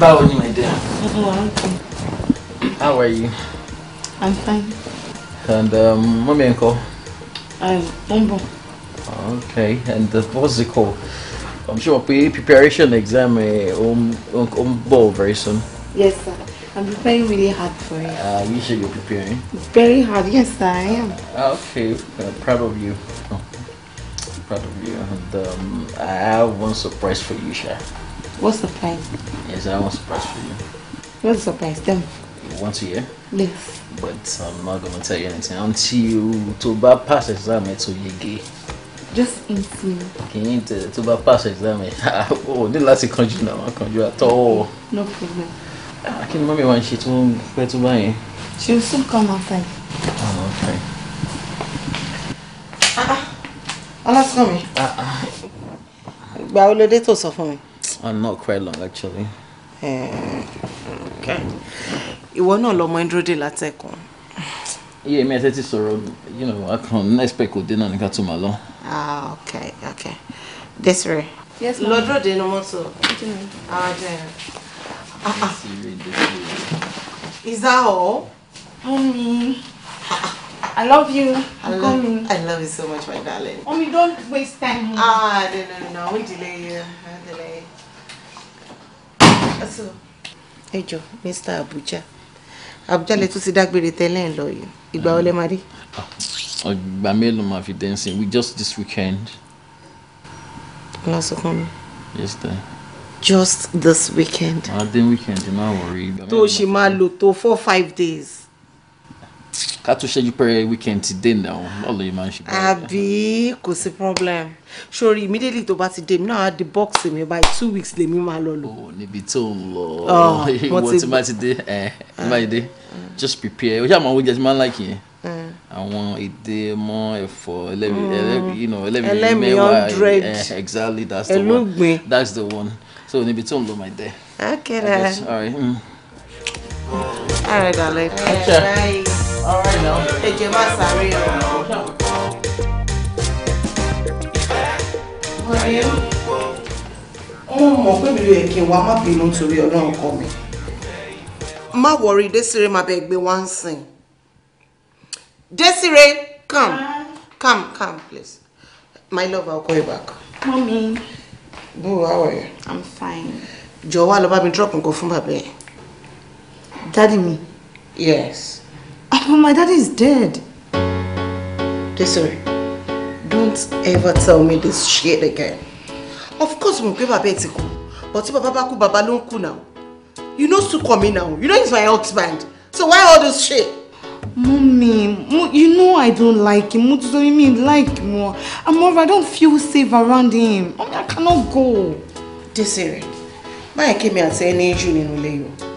About what you may do. okay. How are you? I'm fine. And um, my name call? Uh, I'm Bumbo. Okay, and uh, what's it called? I'm sure we'll preparation exam eh, um, um, um ball very soon. Yes, sir. I'm preparing really hard for it. Uh, you sure you're preparing? Very hard, yes, sir, I am. Uh, okay, uh, proud of you. Oh. Proud of you. And um, I have one surprise for you, sir. What surprise? Yes, I want one surprise for you. What surprise? Tell me. Once a year? Yes. But I'm not going to tell you anything until you to bá pass exam to tó yege. Just insane. Kì í tẹ̀lé tó bá pass exam Oh, O ní láti kanjú náà, wọ́n kanjú No problem. Ah, I can mọ́mí wa ń ṣe tó ń pẹ́ tó She will soon come outside. Oh, ah, okay. Ah, ah. Ọlá Ah ah. Gbà ó lóde tó sọ fún mi. Uh, not quite long actually. Eh, mm. Ìwọ náà lọmọ Indro dé látẹ̀kùn. Iye mi ẹsẹ̀ ti sọ̀rọ̀ you know I can expect kò dé náà ní ká tó máa lọ. Ah okay okay. Desiree. Yes ma'am. Lọ́dọ̀ dé ni wọ́n sọ. Àwọn ajá yẹn. Is that all? Omi? I love you. I I'm love, I love you so much, my darling. Omi, don't waste time. Ah, no, no, no. no. We delay you sọ. ẹ jọ Mr. Abuja Abuja lè tún ti dágbére tẹ́lẹ̀ ń lọ yìí ìgbà wo máa dé. ọgbà ah, mélòó máa fi dancing we just this weekend. lọ́sọ̀ kan mi. yes sir. just this weekend. máa dé weekend náà wọ̀rí. tó o ṣe máa lò tó four five days ká tó ṣẹ́jú pẹ́rẹ́ weekend ti dé náà náà lóye máa ń ṣe àbí kò sí problem sori immediately tó bá ti dé mi náà di box mi by two weeks lèmi máa lọ lò. o oh, níbi tó ń lọ ìwọ tí máa ti dé ẹ tí máa ti dé just prepare o ṣe àwọn oúnjẹ tí máa ń láìkì yẹn mm. àwọn èdè mọ ẹ̀fọ́ ẹlẹmi ẹlẹmi mẹwàá exactly that's the one that's the one so níbi tó ń lọ my dear. okay then. all mm. All right, darling. All right. All right now. Ẹ jẹ́ má sáré o. Mo mọ̀ pé mi ló yẹ kí n wá má bínú torí ọlọ́run kọ mi. Má wọrí Désiré máa bẹ gbé wá come, come, come, please. My love, I'll call you back. Mommy. Boo, how are you? I'm fine. Jọ̀wọ́ lọ bá dropped and nǹkan from bàbá yẹn. Daddy me? Yes. Oh, but my daddy is dead. Desiree, don't ever tell me this shit again. Of course, mo pé bàbá ẹ̀ ti kú. But if bàbá bá kú, bàbá ló now. You know to Sukomi now. You know he's my husband. So why all this shit? Mommy, you know I don't like him. What do you mean like him? And moreover, I don't feel safe around him. Mommy, I cannot go. Desiree, I came here and said, "Any issue in Uleyo."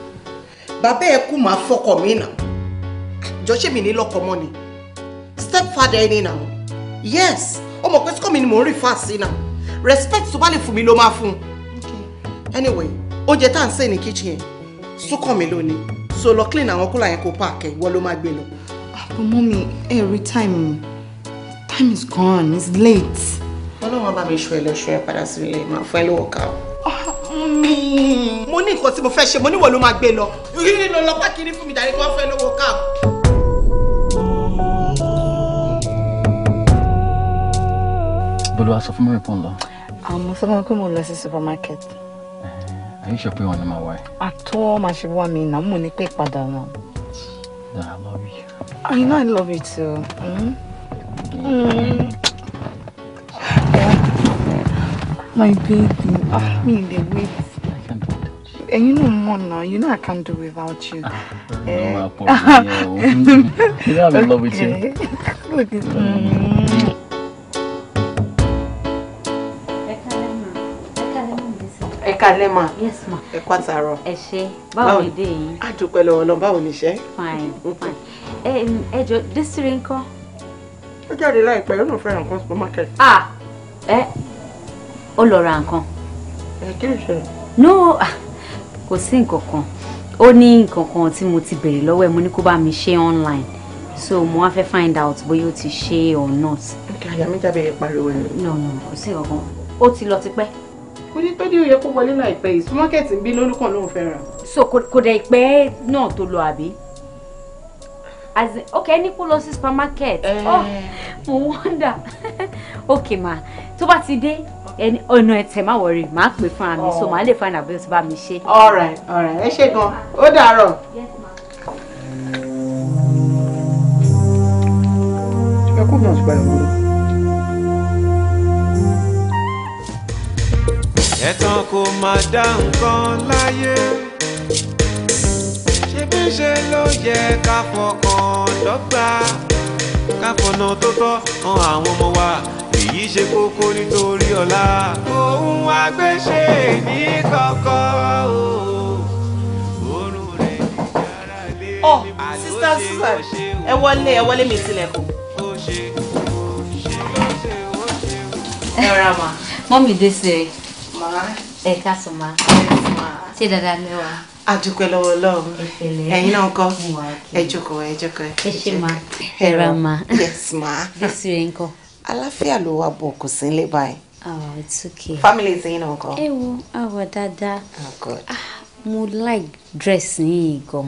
bàbá ẹ kú máa fọkọ mi nà jọ ṣé mi ní lọkọ mọ ni step father ẹni nà yes ó mọ̀ pé mi ni mò ń rí fáàsì nà respect tó bá lè fún mi ló máa fún anyway oúnjẹ tá à ń sè ní kitchen yẹn sókàn mi lónìí so lọ clean àwọn kúlà yẹn kó páàkì ìwọ ló máa gbé lọ. àbọ̀ mọ́mi every time time is gone it's late. ọlọ́run bá mi ṣọ ẹ lọ́ṣọ́ ẹ padà sí ilé màá fún ẹ lówó ká o mi. mo ní nǹkan tí mo fẹ́ ṣe mo níwọ̀ ló máa gbé lọ. yìí ló lọ pákìrí fún mi dàrí kí wọ́n fẹ́ lówó káàbù. Bolúwa sọ fún mi pọ̀ ń lọ. àmọ́ sọ pé mo lọ sí supermarket. are you sure pé wọn ni màá wá ẹ. àtọ́ máa ṣe wá mi náà mo ní pé padà náà. I love you. I know I love you too. Mm? Mm. My baby, ah, me the wait ẹ̀yin náà mọ̀ náà you know I can't do without you. Ah, eh? you know I'm in love with you. Look at me. Ekalema. Yes, ma ẹ kó àtàrọ. ẹ ṣe báwo ni dé yìí. a dúpẹ́ lọ́wọ́ náà báwo ni iṣẹ́. fine fine ẹ ẹ jọ désìrè ńkọ́. ó jáde láìpẹ́ ó náà fẹ́ ra supermarket. ah Eh. ó lọ ra nǹkan. ẹ kí ló no ah kò sí nǹkan kan ó ní nǹkan kan tí mo ti béèrè lọ́wọ́ ẹ̀ mo ní kó bá mi ṣe online so mo wá fẹ́ find out bóyá ó ti ṣe or not. àyà mi jábẹ̀ yẹn pariwo ẹ̀. no no kò sí nǹkan ó ti lọ tipẹ́. kò ní pẹ́ ní kó wọlé láìpẹ́ yìí súnmọ́kẹ́tì ń bí lórúkọ lóun fẹ́ so kò dẹ̀ ìpẹ́ náà tó lọ àbí as in okay ẹni kó lọ sí supermarket eh. Oh, mo wonder okay ma tó bá ti dé ẹni ọ̀nà ẹ̀tẹ̀ má wọrí màá pè fúnra mi so oh. màá lè find out bí bá mi ṣe. all right all right ẹ ṣé gan ó dàárọ̀. ẹ kó kò máa dá nǹkan láyé ṣebí ṣe ló yẹ ká fọkàn dọ́gba ká fọ̀nà tó tọ́ hàn àwọn ọmọ wa èyí ṣe kókó nítorí ọ̀la. òun wá gbé ṣe ní kọ̀kọ́ o. oorun rẹ̀ ti yára lé mi. ọ sista Susan ẹ wọlé ẹ wọlé mi tilẹ̀kùn. ẹ rà mà. mọ́mí dé sí ẹ. ẹ ká sọ ma. ṣé dáadáa ni wà. a dúpẹ́ lọ́wọ́ ẹ̀yin náà ńkọ́ ẹ jókòó ẹ jókòó ẹ ṣe ma ẹ rà mà. yes ma. dé sí ẹ aláfíà ló wà bọ̀ kò sí nílé báyìí. oh it's okay. family ti yín náà kọ. ẹ wo àwọ̀ dáadáa. oh god. ah mo like dress yín gan.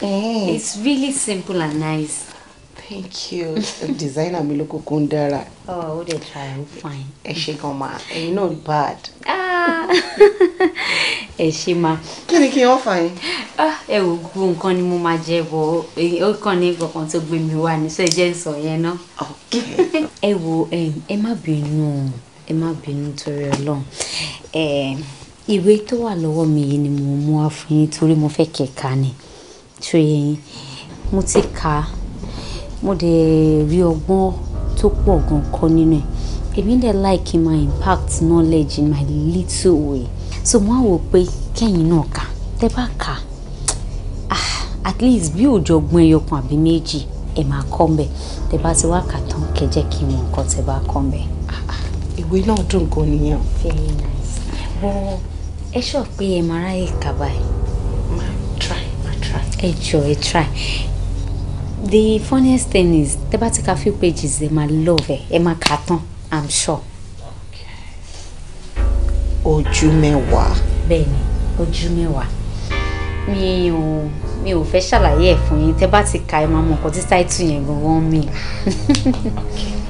Hey. Eh. it's really simple and nice thank you designer mi lókùnkùn dára. oh o dey try o fine. ẹ ṣe gan ma ẹyin náà bad. Ah. ẹ ṣe ma. kí ni kí n ọ̀fà yín. Ah, ẹ wò gbogbo nǹkan ni mo máa jẹ bọ ó kàn ní kankan tó gbé mi wá ní sọ sọ yẹn náà. ẹ wò ẹ má bínú ẹ má bínú torí Ọlọ́run ìwé tó wà lọ́wọ́ mi yìí ni mo mú wá fún yín torí mo fẹ́ kẹ̀ka ni ṣó yẹ yín mo ti kà á mo dẹ̀ rí ọgbọ́n tó pọ̀ gan kọ́ nínú ẹ̀ èmi dẹ̀ like my impact knowledge in my little way so mo á wò pé kẹ́yìn náà kà tẹ́ bá kà ah at least bí òòjọ́ gbọ́n ẹyọkan àbí méjì ẹ máa kọ́ ń bẹ̀ tẹ́ bá ti wá kà tán kẹ́ jẹ́ kí n mọ nǹkan tẹ́ bá kọ́ ń bẹ̀. Ah, ah. ìwé náà dùn gan nìyẹn. very nice. wọ́n ẹ ṣọ́ pé ẹ máa ráyè kà báyìí. ma try ma try. ẹ jọ ẹ try the funniest thing is the bá few pages ẹ máa love eh? ẹ máa kà tán i'm sure. ojú mẹ́wàá. bẹ́ẹ̀ni ojú mẹ́wàá mi ò mi ò fẹ́ ṣàlàyé ẹ̀ fún yín tẹ́ bá ti ka ẹ máa mọ nǹkan tí táìtù yẹn gangan mi. okay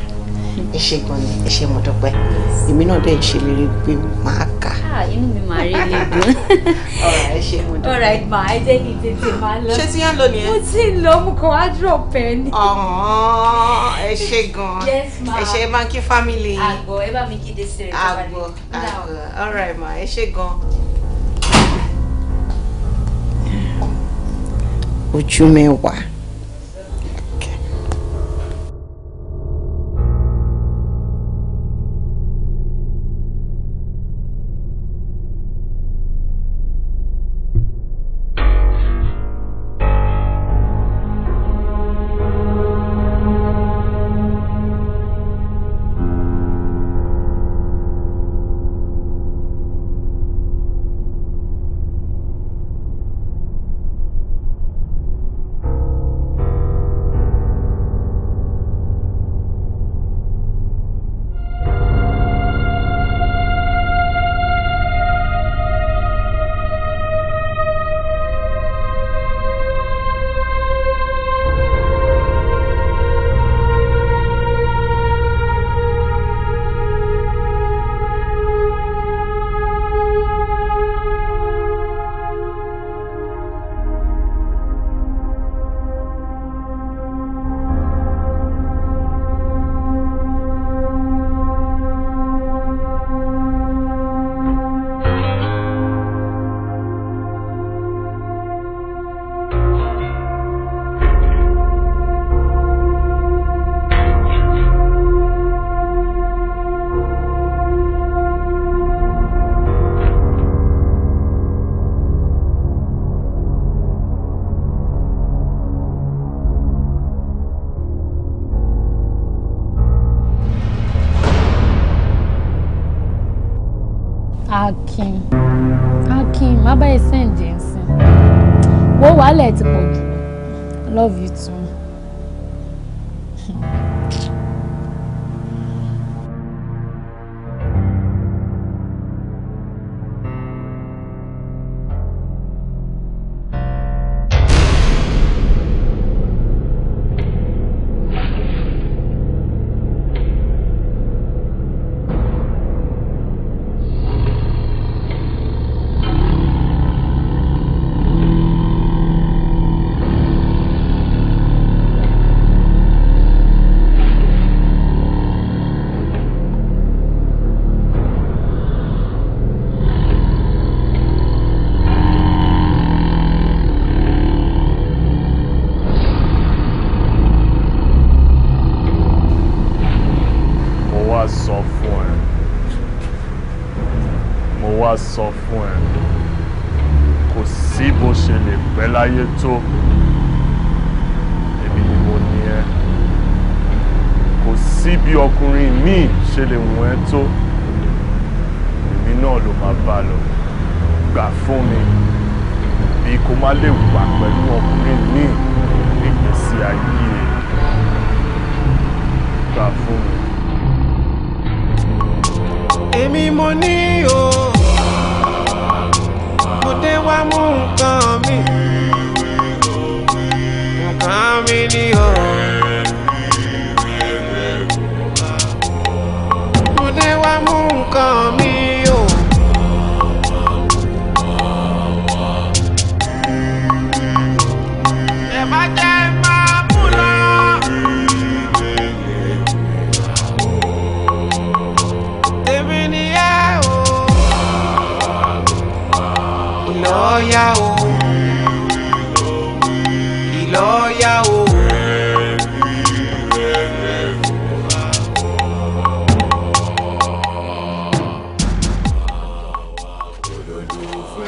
ẹ ṣe gan ni ẹ ṣe mo dúpẹ́ èmi náà dẹ̀ ṣe mi rí pé màá kà. Ah, inú mi máa rí ilé dùn. ọ̀rọ̀ ẹ ṣe mo dúpẹ́. ọ̀rọ̀ ẹ máa ẹ jẹ́ kí tètè máa lọ. ṣé tí yá ń nìyẹn. mo ti ń lọ mo kàn wá drop ni. ẹ ṣe gan ẹ ṣe ẹ family. àgbọ̀ ẹ bá mi kéde sí rẹ̀ tó bá rí. àgbọ̀ àgbọ̀ ọ̀rọ̀ ẹ máa ẹ ṣe gan. ojú mẹ́wàá.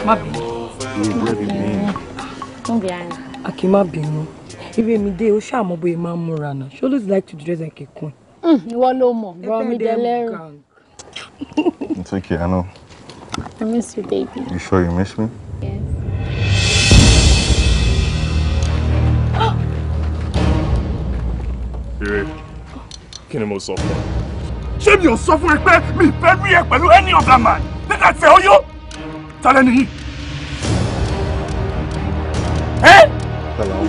má bínú. Don't be angry. Aki má bínú. Ire mi dé, ó ṣàmọ́ bóyá máa ń múra náà. She always like to dress like a queen. Hmm, ìwọ ló mọ̀, bọ́ mi dẹ lẹ́rù. It's okay, I know. I miss you, baby. You sure you miss me? Yes. Ire, kí ni mo sọ fún ẹ? Ṣé mi ò sọ fún ẹ pé mi fẹ́ rí ẹ pẹ̀lú any other man? Nígbà tí ẹ ó talẹ nìyí. ẹ. Hello.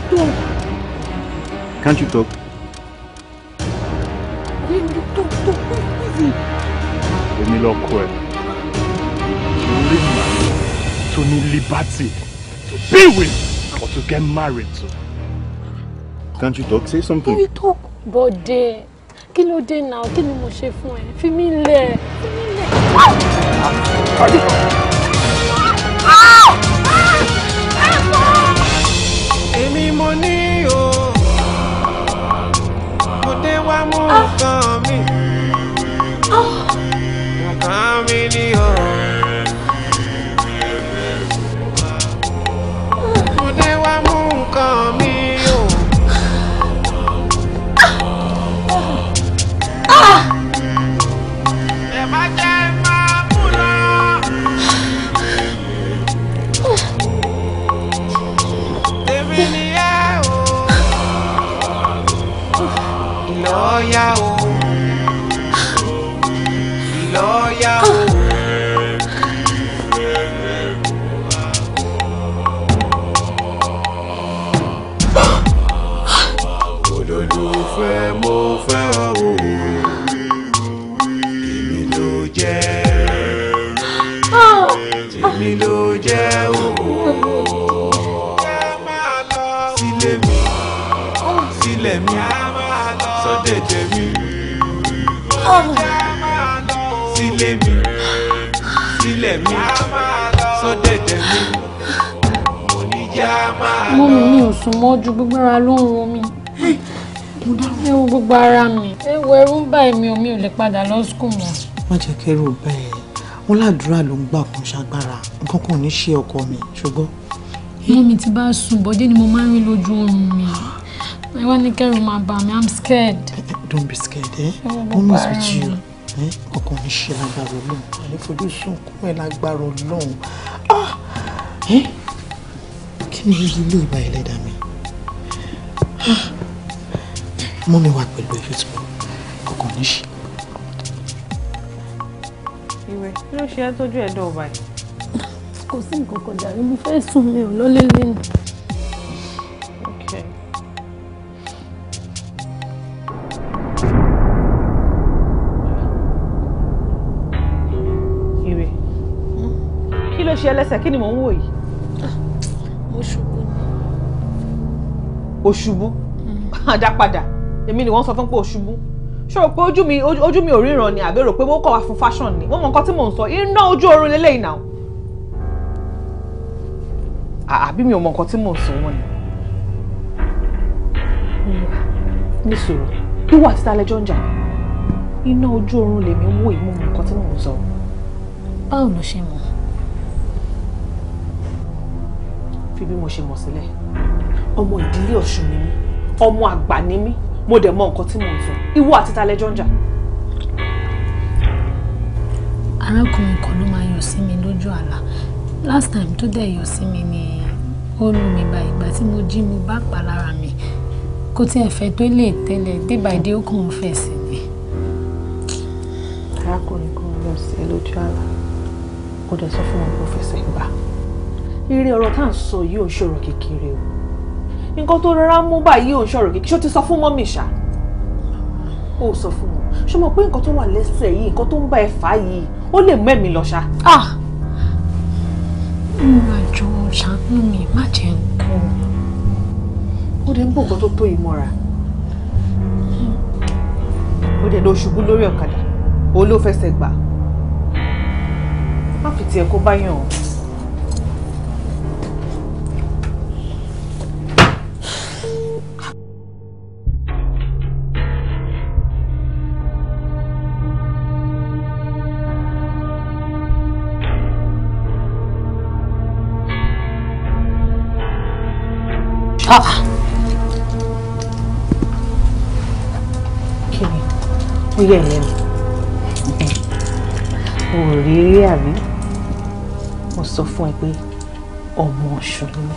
Can't you talk? Èmi lọkọ ẹ̀. Orí màá tó ní liberty to be with or to get married Can't you um talk? Say something. Can you talk? but kí ló dé náà? Kí ni mo ṣe fún ẹ? Fi mí lẹ̀. Fi ah! mo ní o mo dé wá mú ah. nǹkan mi ah. nǹkan mi ni o. Ọ̀yá o. ju gbogbo ara ló ń ro mi ẹ wo gbogbo ara mi ẹ wo ẹrú ń bá èmi omi ò lè padà lọ skul mọ́. má jẹ́ kẹ́rù bá ẹ ládùúrà ló ń gbà kan ṣàgbára nǹkan kan ní ṣe ọkọ mi ṣùgbọ́n. inú mi ti bá sùn bọ́jẹ́ ni mo máa ń rí lójú oorun mi ẹ wá ní kẹ́rù máa bà mí i'm scared. Eh, eh, don't be scared eh? mom is with you eh, ọkàn mi ṣe lágbára ọlọ́run àlefojúsùn kún ẹ lágbára ọlọ́run ah! kí ni ilé ìbá ẹlẹ́dàá mi mú mi wá pẹ̀lú ẹ̀fẹ́ tí mo kọ̀ọ̀kan ní ṣe. ìwé kí ló ṣe é tójú ẹ̀dọ̀ ọba yìí. kò sí nǹkan kan jàre mo fẹ́ sùn mi ò lọ́lé lẹ́nu. ìwé kí ló ṣe ẹlẹ́sẹ̀ kí ni mò ń wò yìí. o ṣubú àdápadà èmi ni wọ́n sọ fún pé o ṣubú ṣé o pé ojú mi ojú mi ò ríran ni àbí rò pé mo kọ̀ wá fún fashion ni wọ́n mọ nǹkan tí mò ń sọ iná ojú oorun lélẹ́yìn náà àbí mi ò mọ nǹkan tí mò ń sọ wọn ni ní sòrò ìwọ àti ta lẹjọ ń jà iná ojú oorun lèmi ń wò yìí mo mọ nǹkan tí mò ń sọ. báwo ló ṣe mọ̀. fi bí mo ṣe mọ̀ sílẹ̀ ọmọ ìdílé ọ̀ṣun ni mí ọmọ àgbà ni mí mo dẹ̀ mọ nǹkan tí mo ń sọ ìwọ àti ta lẹjọ́ ń jà. arákùnrin kan ló máa yọ sí mi lójú àlá last time tó dẹ̀ yọ sí mi ni ó lù mí bá ìgbà tí mo jí mo bá pa lára mi kó tiẹ̀ fẹ́ tó lè tẹ́lẹ̀ débàdé ó kàn ń fẹ̀ sí mi. arákùnrin kan lọ sí ẹ lójú àlá ó dẹ̀ sọ fún wọn kó fẹsẹ̀ gbà. eré ọ̀rọ̀ tá à ń sọ yìí ò ń ṣòro kékeré o nǹkan tó rọra mú báyìí ò ń ṣọ̀rọ̀ kékeré ṣó ti sọ fún mọ́mì ṣá ó sọ fún wọn ṣó mọ̀ pé nǹkan tó wà lẹ́sẹ̀ yìí nǹkan tó ń bá ẹ fà á yìí ó lè mẹ́mìí lọ ṣá. mo ah! máa jọ ṣàánú mi má jẹ́ nǹkan. ó dẹ̀ ń bọ̀ nǹkan tó tó yìí ó dẹ̀ lọ ṣubú lórí ọ̀kadà òun ló fẹsẹ̀ gbà má fi tiẹ̀ kó bá yàn ọ́. yẹ̀ lẹ́nu o ò rí rí àbí mo sọ fún ẹ pé ọmọ ọ̀ṣun ni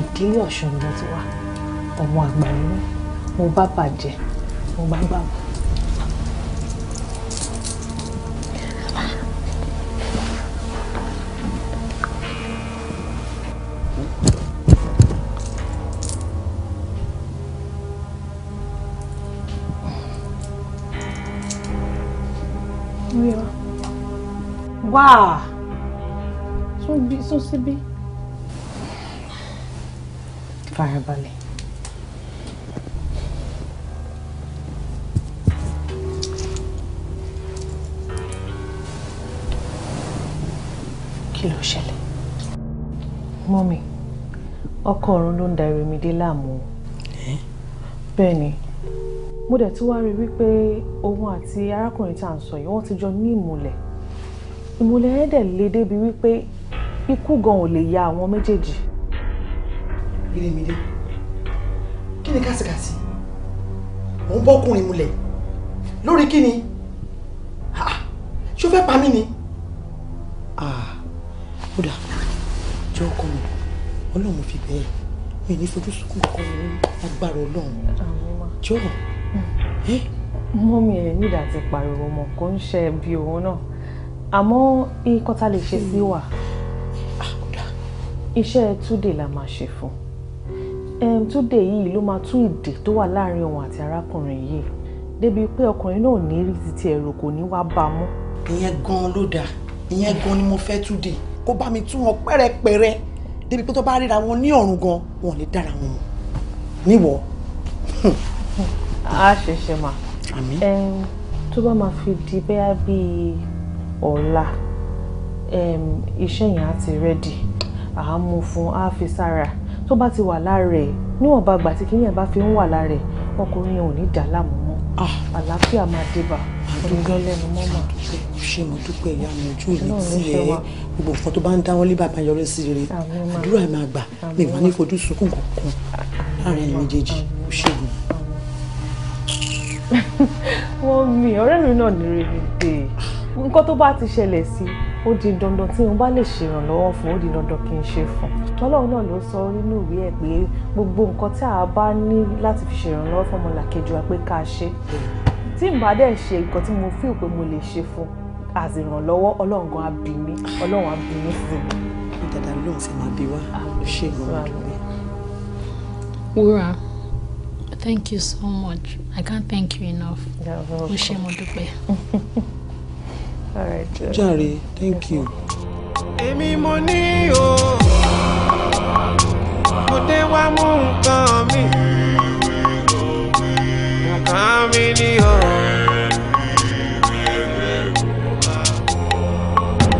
ìdílé ọ̀ṣun ni mo ti wá ọmọ àgbà ni mo bá bàjẹ́ mo bá gbàgbọ́. wá tún bí tún síbí. farabalẹ̀. kí ló ṣẹlẹ̀? mọ́mì ọkọ ọ̀run ló ń da iremi dé láàmú o. bẹ́ẹ̀ ni mo dẹ̀ tún wá rí i wípé òun àti arákùnrin tá à ń sọ yìí wọ́n ti jọ ní ìmùlẹ̀ ìmùlẹ̀ yẹn dẹ̀ le débi wípé ikú gan ò lè ya àwọn méjèèjì. Ìrìnmìdé kí ni kásìkásì mò ń bọ́kùnrin mulẹ̀ lórí kí ni ṣé o fẹ́ pa mí ni. ó dà jẹ́ ọkọ mi ọlọ́run fi bẹ́ẹ̀ mi ní fojú sunkún kọ́ ọ́n agbára ọlọ́run jọ̀ọ́. mọ́mí ẹ̀ nígbà tí pariwo ọmọ kò ń ṣe bí òun náà àmọ́ nǹkan tá a lè ṣe sí wà ah, iṣẹ́ túdè la máa ṣe fún um, túdè yìí ló máa tú ìdè tó wà láàrin òun àti arákùnrin yìí débi pé ọkùnrin náà ní rí títí ẹ̀rọ kò ní wá bá a mọ́. ìyẹn gan-an ló dáa ìyẹn gan-an ni mo fẹ́ túdè kó bá mi tún wọn pẹ́rẹpẹ́rẹ débi pé tó bá ríra wọn ní ọ̀run gan wọn lè dára wọn mọ̀ níwọ. a ṣẹ̀ṣẹ̀ mà tó bá máa fi di bẹ́ẹ̀ bíi ọ̀la iṣẹ́ yẹn á ti rẹ́dì àá mú fún á fi sára tó bá ti wà lára ẹ̀ níwọ̀n bá gbà tí kí yẹn bá fi ń wà lára ẹ̀ ọkùnrin yẹn ò ní dà láàmú mọ́ ah! àlàáfíà máa dé bá ọdún lẹ́nu mọ́ mà. ṣé mo dúpẹ́ ìyá mi ojú ìlú tí ẹ gbogbo nǹkan tó bá ń dáwọ́ lé bàbá yọrí sí rere àdúrà ẹ̀ máa gbà mi ìwà ní fojú sunkún kankan láàrin ẹ̀yìn méjèèjì ó ṣègùn. wọ́n mi ọ̀rẹ́ mi náà ní rèé nǹkan tó bá ti ṣẹlẹ̀ sí ó di dandan tí mo bá lè ṣèrànlọ́wọ́ fún ó di dandan kí n ṣe fún tọ́lọ́run náà ló sọ nínú ìwé ẹ̀ pé gbogbo nǹkan tí a bá ní láti fi ṣèrànlọ́wọ́ fún ọmọlàkejì wa pé ká ṣe tí n bá dẹ̀ ṣe nǹkan tí mo feel pé mo lè ṣe fún àṣìrànlọ́wọ́ ọlọ́run gan abì mí ọlọ́run abì mí fún mi. dàdà lóun sì máa bí wá ah, ṣègùn àdúgbò. wúrà thank you so much i can't thank you enough. mo ṣe mo dúpẹ́. jàre thank you. èmi mo ní o mo dé wá mú nǹkan mi nǹkan mi ní o.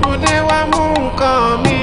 mo dé wá mú nǹkan mi.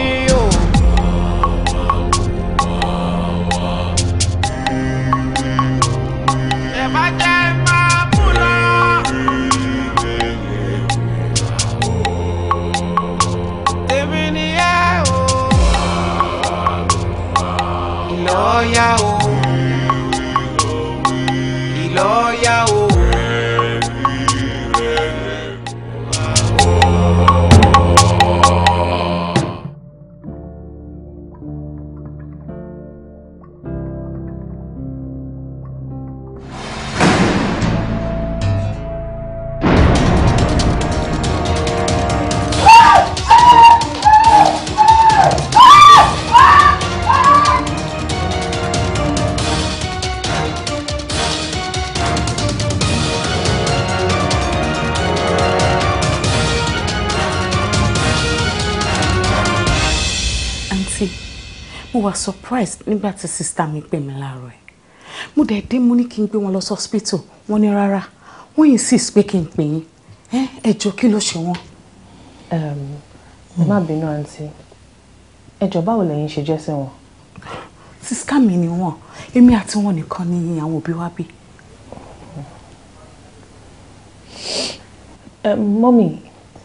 were surprised nígbà tí sista mi pè mí láàárọ̀ ẹ̀ mo dẹ̀ dé mo ní kí n gbé wọn lọ sí hospital wọ́n ní rárá wọ́n insist pé kí n pè yín ẹ jọ kí ló ṣe wọ́n. ẹ má bínú àǹtí ẹ jọ báwo lẹ̀yin ṣe jẹ́ sí wọn. sista mi ni wọn èmi àti wọn nìkan ni àwọn òbí wa bí. mọ́mì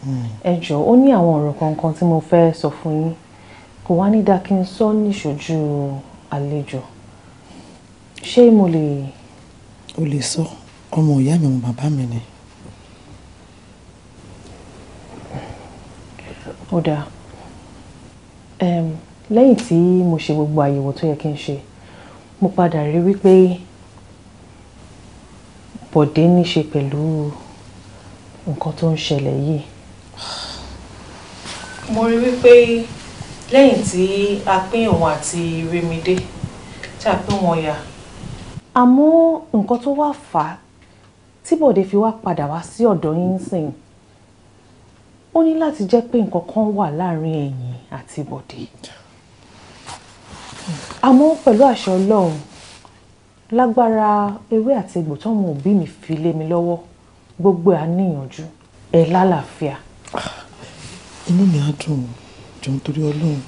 hmm. ẹ jọ ó ní àwọn ọ̀rọ̀ kankan tí mo fẹ́ sọ fún yín kò wá ní dákí n sọ níṣojú àlejò ṣé mo lè. o lè sọ ọmọ ìyá mi ọmọ bàbá mi ni. ó dáa lẹ́yìn tí mo ṣe gbogbo àyẹ̀wò tó yẹ kí n ṣe mo padà rí wípé bọ̀dé ní ṣe pẹ̀lú nǹkan tó ń ṣẹlẹ̀ yìí. mo rí wípé lẹ́yìn tí a pín òun àti Remide tí a pín wọn yà. àmọ́ nǹkan tó wá fà á tí Bọ̀dé fi wá padà wá sí ọ̀dọ̀ yín sìn ó ní láti jẹ́ pé nǹkan kan wà láàrin ẹ̀yin àti Bọ̀dé àmọ́ pẹ̀lú àṣẹ Ọlọ́run lágbára ewé àti egbò tọ́mọ òbí mi fi lé mi lọ́wọ́ gbogbo àníyànjú ẹ̀ lálàáfíà. Ah, inú mi á dùn ún jọ nítorí ọlọ́run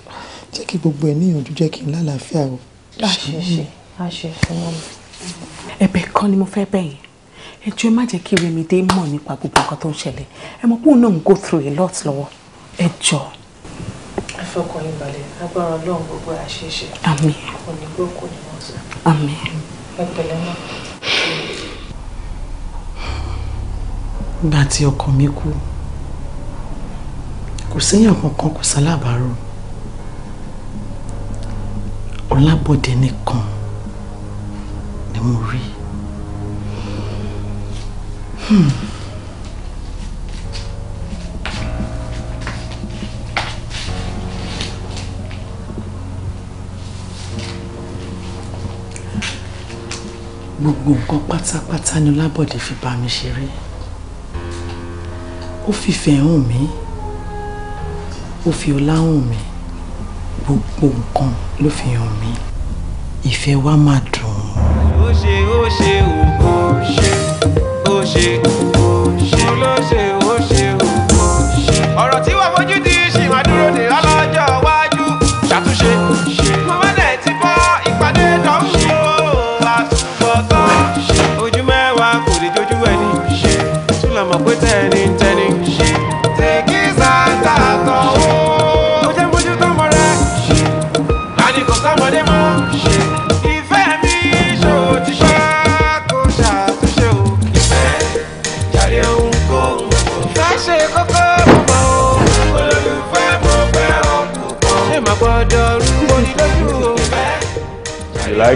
jẹ́ kí gbogbo ẹ̀ níyànjú jẹ́ kí n lálàáfíà o. àṣeṣe àṣeṣe mọ́ mi. ẹ̀bẹ̀ kan ni mo fẹ́ bẹ̀yìn ẹjọ́ ẹ má jẹ́ kí remi dé mọ̀ nípa gbogbo nǹkan tó ń ṣẹlẹ̀ ẹ mọ̀ pé òun náà ń go through a lot lọ́wọ́ ẹ jọ. ẹ fọkàn yín balẹ̀ agbára ọlọ́run gbogbo àṣeṣe. àmín. òní gbọ́ kò ní wọ́n sọ. àmín. ẹ pẹ̀lẹ́ náà. nígbà tí ọkọ mi kú kò séèyàn kankan kò sálábàárò Ọlábọ̀dé nìkan ni mo rí hmm. gbogbo nǹkan pátápátá ni Ọlábọ̀dé fi bá mi ṣeré ó fìfẹ́ hàn mí. Hmm ó fi ọlá hàn mí gbogbo nǹkan ló fi hàn mí ìfẹ́ wa máa dùn. ó ṣe ó ṣe ó ṣe ó ṣe.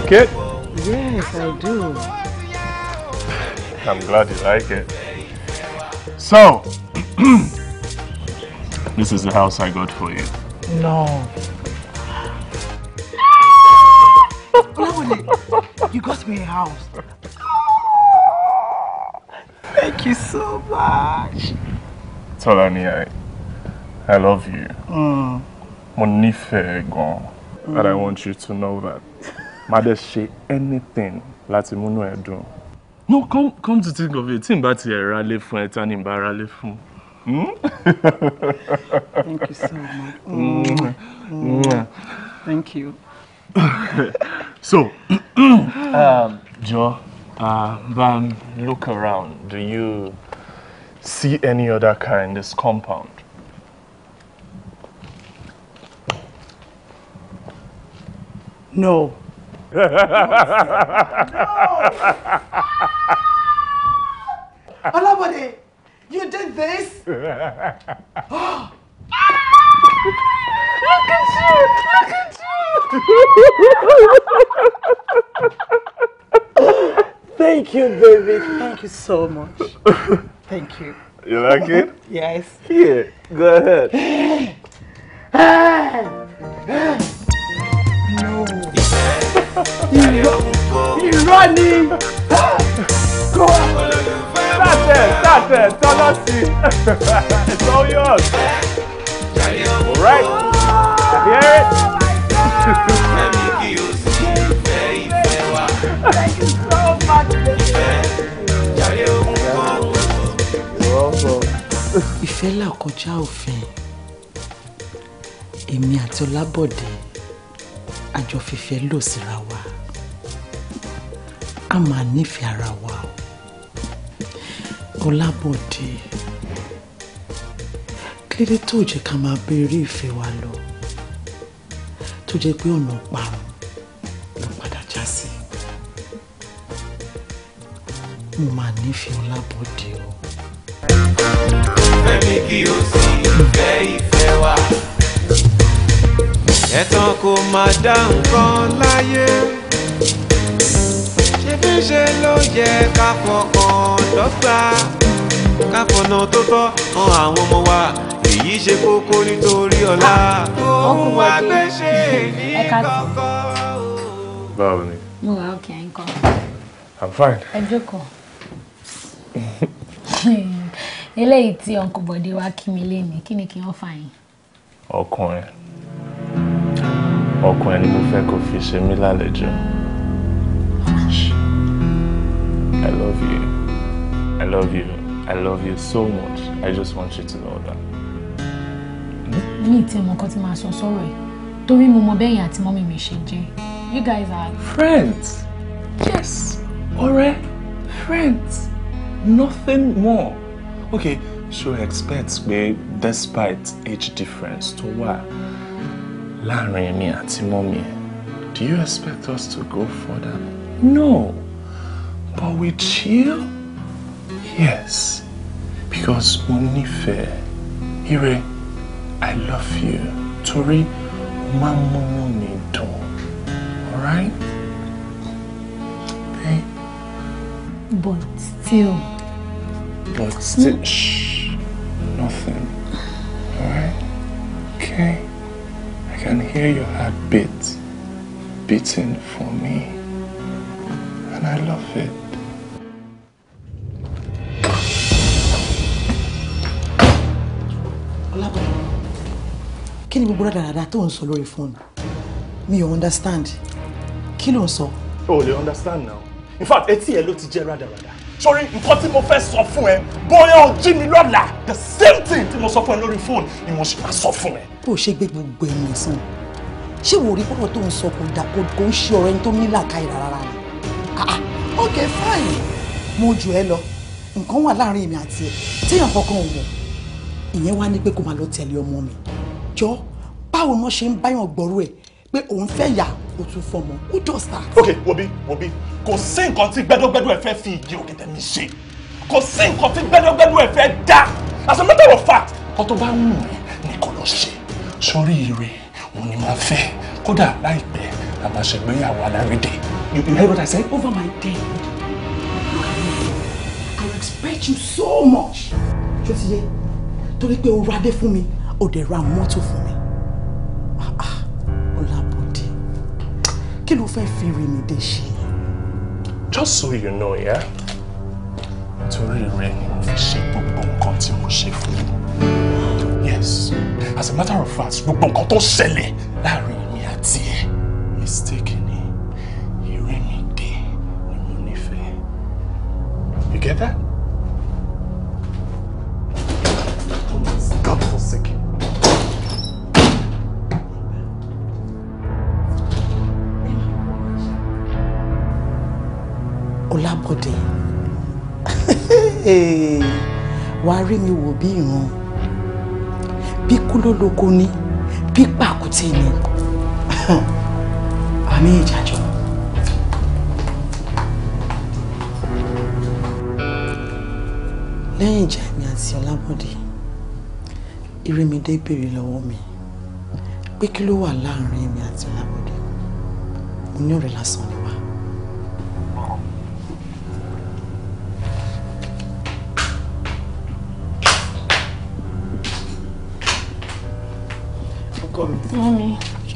like it? Yes, I do. I'm glad you like it. So, this is the house I got for you. No. you got me a house. Thank you so much. Tolani, I, I love you. Mm. mm. And I want you to know that. máa dẹ̀ ṣe anything láti múnú ẹ̀ no come come to think of it tí n bá ti ẹ̀ra lé fún ẹ ta ni n bá hmm? thank you so much. Mm. Mm. thank you. so um, jọ uh, bam look around do you see any other car in this compound. No no. Olabode, you did this? Look at you! Look at you! Thank you, baby. Thank you so much. Thank you. You like it? yes. Here, go ahead. ní. Go! That's it, that's sí. It's all yours. right, hear it. you so much. Ìfẹ́ jàre òfin èmi àti Ọlábọ̀dé àjọ fìfẹ́ lò síra wa a máa nífẹ̀ẹ́ ara wa Ọlábọ̀dé kílódé tó jẹ́ ká máa béèrè ìfẹ́ wa lọ tó jẹ́ pé ọ̀nà parun ló padà já sí mo máa nífẹ̀ẹ́ Ọlábọ̀dé o. fẹ́mi kí o sì fẹ́ ìfẹ́ wa ẹ̀tàn kò máa dá nǹkan láyé ṣebí ló yẹ ká fọkàn dọ́gba ká fọ̀nà tó tọ́ han àwọn ọmọ wa èyí ṣe kókó nítorí ọ̀la òun wá gbé ṣe ní kọ́kọ́. báwo ni. mo wà ókè à ń kọ́. i'm fine. ẹ jókòó. eléyìí tí uncle bọ̀dé wá kí mi lénìí kí ni kí wọ́n fà yín. ọkùnrin ọkùnrin ni mo fẹ́ kó fi ṣe mí lálejò. love you. I love you. I love you so much. I just want you to know that. Me, ti mọ nǹkan tí màá sọ sọ́rọ̀ ẹ̀ torí mo mọ bẹ́yìn àti mi ṣe jẹ́. You guys are friends. Yes, ọ̀rẹ́, friends, nothing more. Okay, so expect pé despite age difference to what? láàrin mi àti mọ́mí, do you expect us to go further? No. But with you, yes. Because mo fair. Ire, I love you. Torí, máa ń múnú Alright? Hey. But still. But still, shh. Nothing. Alright? Okay. I can hear your heartbeat beating for me. And I love it. kí ni gbogbo rádaràda tó ń sọ lórí fóònù mi ò understand kí ló ń sọ. o lè understand now in fact etí ẹ ló ti jẹ rádaràda sórí nǹkan tí mo fẹ́ sọ fún ẹ bóyá o jí mi lọ́la the same thing tí mo sọ fún ẹ lórí fóònù ni mo ṣe máa sọ fún ẹ. bó o ṣe gbé gbogbo ẹnu ẹ̀sán ṣé wò ó rí pọ̀pọ̀ tó ń sọ kò dà kò ń ṣe ọ̀rẹ́ ní tó ní làákàyè rárá ni ah, ah. ok fine mo jù ẹ lọ nǹkan wà láàrin èmi àti ẹ téèyàn kankan ò mọ̀ ìyẹn wá ní pé kó máa lọ tẹ̀lé ọmọ mi jọ báwo ni wọ́n ṣe ń báyàn gbọ́rú ẹ̀ pé òun fẹ́ yà ó tún fọmọ who does that. ok wobi wobi kò sí nǹkan tí gbẹdọgbẹdọ ẹ fẹ́ fi ìyẹ òkè tẹmí ṣe kò sí nǹkan tí gbẹdọgbẹdọ ẹ fẹ́ dá as a matter of fact kó tó bá wù ẹ ní kò lọ ṣe sórí ire òun ni máa fẹ́ kódà láìpẹ́ àmàṣẹgbéyàwó alárédè you you hear what I say. over my dead I respect you so much. ṣé o ti yẹ torí pé o rádé fún mi ó dẹ̀ ra mọ́tò fún mi ọlábọ̀dé kí ló fẹ́ fi Rẹ̀mídé ṣe. just so you know yeah To rẹ ni mo fi ṣe gbogbo nǹkan tí mo ṣe fún yes as a matter of fact gbogbo nǹkan tó ṣẹlẹ̀ láàrin mi àti ẹ mistake rí mi wò bí ìran bí kú ló lóko ní bí pàkúté ni àmì ìjàjọ. lẹ́yìn ìjà èmi àti ọlábọ̀dé irémidé béèrè lọ́wọ́ mi pé kí ló wà láàrin èmi àti ọlábọ̀dé mo ní ọ̀rẹ́ lásán ni. shall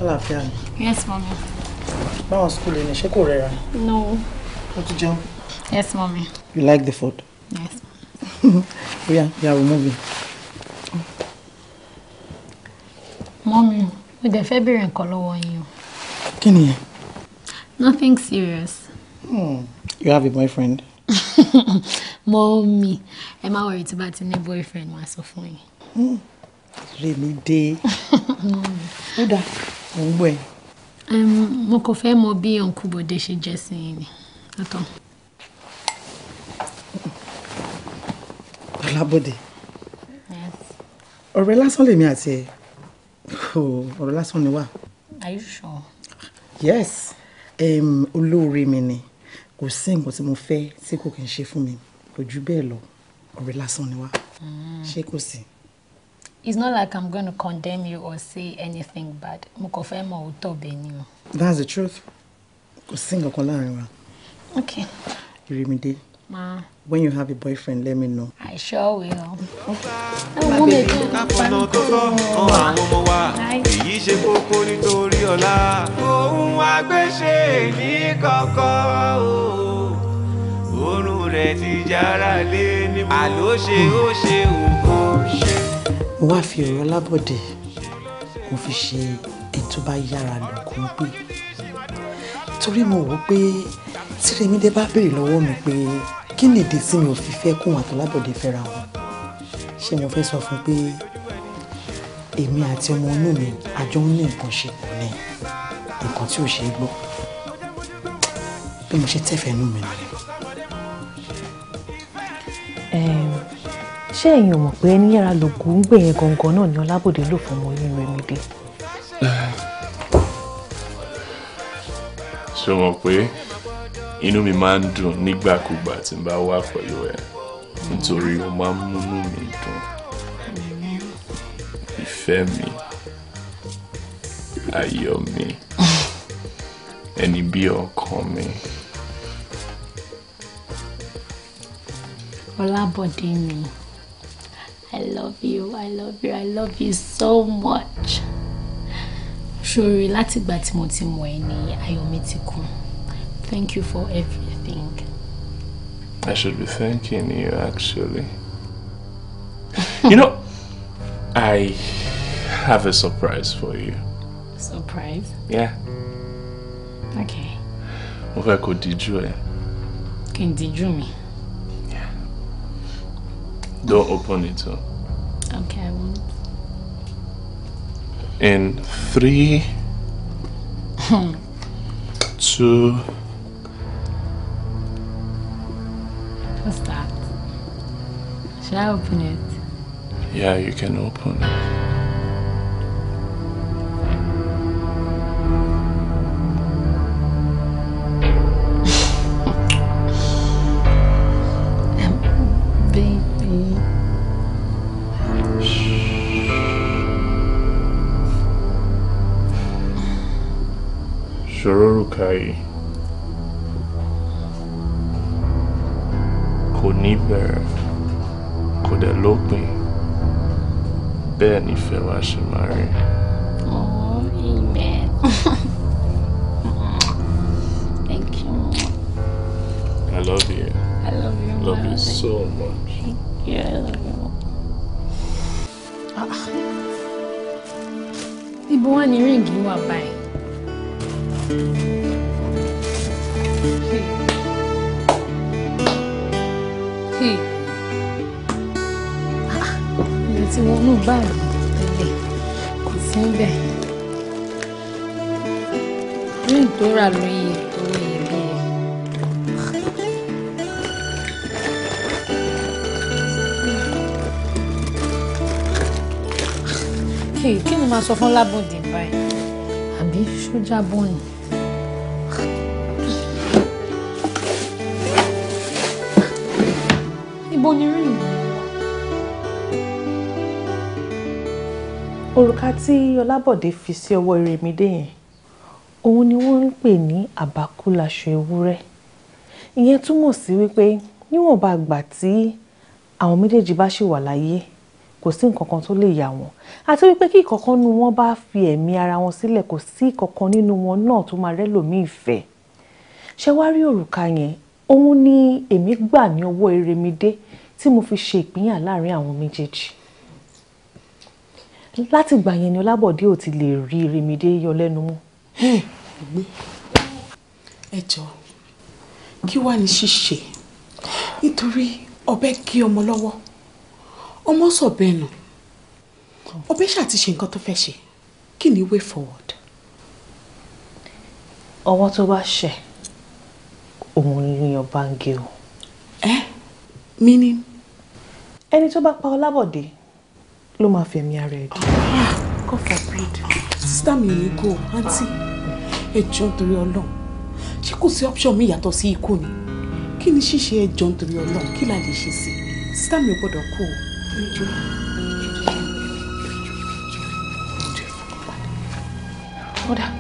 I ni. Yes, mọ́mí. Báwọn school ni ṣé No. Ó to jump? Yes, mọ́mí. You like the food? Yes. Yeah, yeah, wo moving. Mọ́mí, with the February color on you. yín o. Nothing serious. Hmm. You have a boyfriend? Mọ́mí, am I worried about bá ti boyfriend, màá sọ fún yín. Hmm. Rèmi dé. Ó dáa, mò ń gbọ́ ẹ. Mo kàn fẹ́ mọ bí ọ̀nkú Bọ̀dé ṣe jẹ́ sí i ni. Ọlábọ̀dé. Ọ̀rẹ́ lásán lèmi àti ẹ̀. Ọ̀rẹ́ lásán ni wà. Are you sure? Yes. Olóore mi ni. Kò sí nǹkan tí mo fẹ́ tí kò kí n ṣe fún mi. Kò jù bẹ́ẹ̀ lọ. Ọ̀rẹ́ lásán ni wà. Hmm. Ṣé kò sí? it's not like i'm going to condemn you or say anything bad mo kàn fẹ́ mọ òótọ́ bẹ́ẹ̀ ni o. that's the truth kò sí nǹkan kan láàrin wa. okay. Irimide. Ma. When you have a boyfriend, let me know. I sure will. Bye. ṣe kókó nítorí ọ̀la. Òun agbéṣe ní kọ̀kọ́ o. Oorun rẹ̀ ti yára lé ní. Àló ṣe ó ṣe òun kò ṣe mo wá fi Ọ̀yọ́ Lábọ̀dé mo fi ṣe ẹni tó bá yára lògùn gbé torí mo wò ó pé tí Rẹ̀mídé bá béèrè lọ́wọ́ mi pé kí ni ìdí tí mi ò fi fẹ́ kóhun àtọ́lábọ̀dé fẹ́ra wọn ṣé mo fẹ́ sọ fún pé èmi àti ọmọ inú mi àjọ ń ní nǹkan ṣe pọ̀ ní nǹkan tí ò ṣe é gbọ́ bí mo ṣe tẹ̀fẹ̀ inú mi nìyẹn ṣé ẹ̀yin ò mọ̀ pé ẹni yára lògùn ń gbè yẹn gangan náà ni ọlábòde lò fún ọmọ oyún Rẹ̀mídé. ṣé o mọ̀ pé inú mi máa ń dùn nígbàkúgbà tí n bá wà pẹ̀lú ẹ nítorí o máa ń múnú mi dùn ìfẹ́ mi ayọ̀ mi ẹni bí ọkàn mi. Ọlábọ̀dé mi love you I love you I love you so much. Ṣorí látìgbà tí mo ti mọ̀ ẹ́ ní ayọ̀ mi ti kún. Thank you for everything. I should be thanking you actually. you know, I have a surprise for you. Surprise? Yeah. Okay. Mo fẹ́ kó dijú ẹ. Kí n dijú mi? Yeah. Don't open it up. Okay, In three, two. What's that? Should I open it? Yeah, you can open it. kò ní bẹ̀rẹ̀ kò dẹ̀ lópin bẹ́ẹ̀ nífẹ̀ẹ́ wa Oh, amen. Thank you. I love you. I love you. Love you so much. Thank you. I love you. Ah. Ibo wa ni ríǹgì wà báyìí mi ti wọnú báàlù tẹ́lẹ̀ kò sí bẹ́ẹ̀ rí tó rà lóye tó iyebíye. kí ni màá sọ fún lábọ̀dé báyìí àbí sójà bọ́ọ̀nì. Ibo ni ring mi? Òrùka tí Ọlábọ̀dé fi sí ọwọ́ Ìrèmídé yẹn, òun ni wọ́n ń pè ní àbákúlaṣọ ewúrẹ́. Ìyẹn túmọ̀ sí wípé níwọ̀nba àgbà tí àwọn méjèèjì bá ṣì wà láyé, kò sí nǹkan kan tó lè yà wọ́n. Àti wípé kí ìkọ̀kan nínú wọn bá fi ẹ̀mí ara wọn sílẹ̀, kò sí ìkọ̀kan nínú wọn náà tó máa rẹ́lòmíì fẹ́. Ṣé òrùka yẹn? Òun ni èmi gbà ní ọwọ́ Ìrèmídé tí mo fi ṣe ìpínyà láàrin àwọn méjèèjì láti gbà yẹn ni Ọlábọ̀dé ò ti lè rí Rèmídé yọ lẹ́nu mọ́. Hmm. ẹ jọ kí wàá ní ṣíṣe nítorí ọ̀bẹ gé ọmọ lọ́wọ́ ọmọ sọ̀bẹ nù ọ̀bẹ ṣàti ṣe nǹkan tó fẹ́ ṣe kí ni way forward. ọwọ́ tó bá ṣẹ̀ òun ni yan bá ń gé o. ẹ meaning ẹni tó bá pa Ọlábọ̀dé ló máa fẹ̀mí ara ẹ̀ dùn. God forbid sísá mi ò ní go àǹtí ẹjọ́ nítorí ọlọ́run ṣé kò sí option mi yàtọ̀ sí ikú ni kí ni ṣíṣe ẹjọ́ nítorí ọlọ́run kí la lè ṣe sí sísá mi ò gbọ́dọ̀ kú o. ó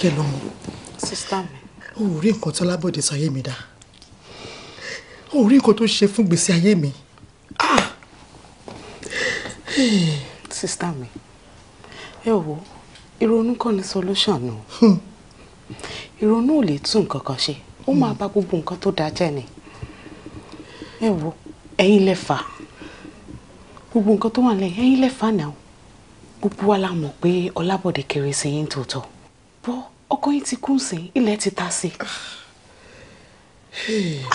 kẹ́ lọ mọ̀. sísá mi. o ò rí nǹkan tó lábọ̀dé sọ ayé mi dá o ò rí nǹkan tó ṣe fún gbèsè ayé mi. Ah! sísá mi ẹ wo ìrònú kọ́ ni solution o hmm. ìrònú ò lè tún nǹkan kan ṣe ó máa hmm. bá gbogbo nǹkan tó dáa jẹ́ ni ẹ wo ẹ̀yin lẹ fà gbogbo nǹkan tó wà lẹ́yìn ẹ̀yin lẹ fà náà gbogbo wa la mọ̀ pé Ọlábọ̀dé kéré yín tòótọ́ bọ́ ọkọ yín ti kún sí ilẹ̀ ti ta sí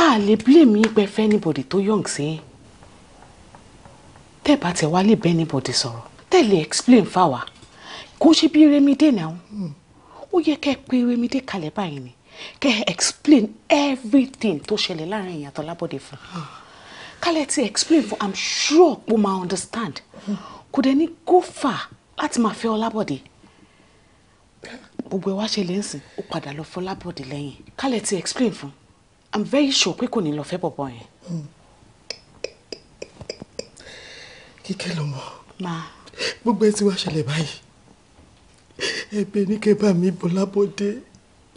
a lè blame yín pé fẹ́ anybody tó young sí yín tẹ́ bá tẹ̀ wá lè bẹ́ anybody sọ̀rọ̀ tẹ́ lè explain fáwa kò ṣe bí remide náà hmm. ó yẹ kẹ́ ẹ pé remide kalẹ̀ báyìí ni kẹ́ ẹ explain everything tó ṣẹlẹ̀ láàrin ìyàtọ̀ lábọ̀dé fún kálẹ̀ ti explain for. i'm sure pé ó máa understand hmm. kò dẹ̀ ní go far láti máa fẹ́ Ọlábọ̀dé gbogbo ẹ wá ṣẹlẹ̀ ń sìn ó padà lọ Fọlábọ̀dé lẹ́yìn kálẹ̀ ti explain fún i'm very sure pé kò ní lọ fẹ́ bọ̀bọ̀ yẹn. kíkẹ́ lọ́mọ gbogbo ẹ ti wá ṣẹlẹ̀ báyìí ẹ̀bẹ̀ ní kẹ́ bá mi Fọlábọ̀dé